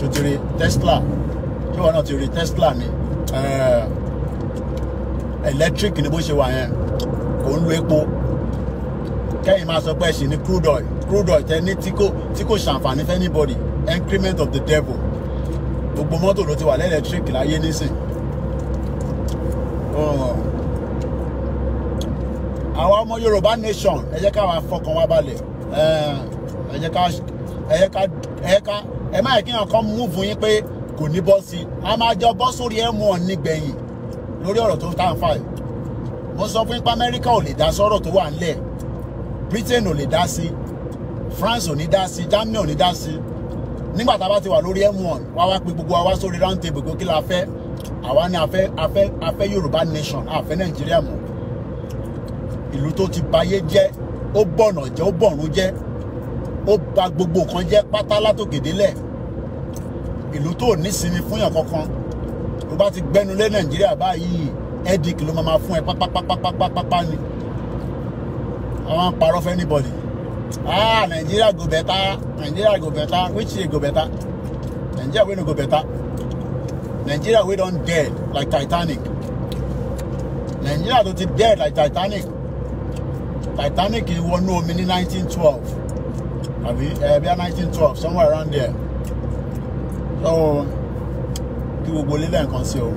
ṣòtìrì tesla ṣé wọn tesla ni eh, electric ni bó ṣe wà yẹn kò ń lo epo kẹ́yìn máa sọ crude oil oil tẹ́ ní anybody increment of the devil gbogbo mọ́tò ló ti wà lẹ́lẹ́tíríkì láyé nísìn àwọn ọmọ yorùbá nation ẹ jẹ́ ká wá fọkàn wa balẹ̀ eh, ẹ jẹ́ ká ẹ jẹ́ ká ẹ má yẹ kí nǹkan múùfù yín pé kò ní bọ́ sí i a máa jọ bọ́ sórí ẹ̀ mú ọ nígbẹ̀yìn lórí ọ̀rọ̀ tó tàn fà yìí mo sọ fún ipa amẹ́ríkà ò lè dá sọ́rọ̀ tó wà ńlẹ̀ britain ò lè dá sí france ò ní dá sí germany ò ní dá sí nígbà tá a bá ti wà lórí m1 wá wá pé gbogbo wa wá sórí round table pé kí la fẹ́ àwa ni a fẹ́ a yorùbá nation a fẹ́ nàìjíríà mọ́ ìlú tó ti bayé jẹ́ ó bọ̀nà jẹ́ ó bọ̀rún jẹ́ ó bà gbogbo nǹkan jẹ́ pátá látòkèdélẹ̀ ìlú tó nísinmi fún yàn kankan tó bá ti gbẹnulé nàìjíríà báyìí headache ló máa fún ẹ pápápápápápá ni àwọn parọ́ fún anybody ah nàìjíríà go better nàìjíríà go better which day go better nàìjíríà wey no go better nàìjíríà wey don dead like titanic nàìjíríà tó ti dead like titanic titanic wọnú omi ní 1912 àbí ẹ̀ẹ́bíà 1912 somewhere around there so kí gbogbo lílẹ̀ nǹkan and o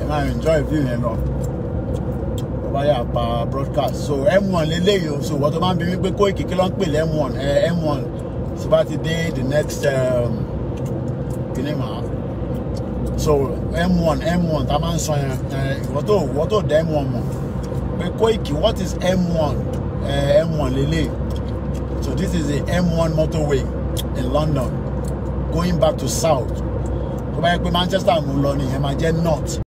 ẹ máa enjoy viewing yẹn lọ tó bá yà broadcast so m1 lele, you. so what about máa ń bí wípé Koiki kí m1 m1 So bá ti the next um, kìnnì màá so m1 m1 Taman a máa ń sọ yẹn eh, ìwọ́n tó ìwọ́n tó m1 mọ̀ what is m1 eh, m1 lélẹ́yìí this is the M1 motorway in London going back to south tó bá yẹ pé Manchester mo lọ nìyẹn máa jẹ́ north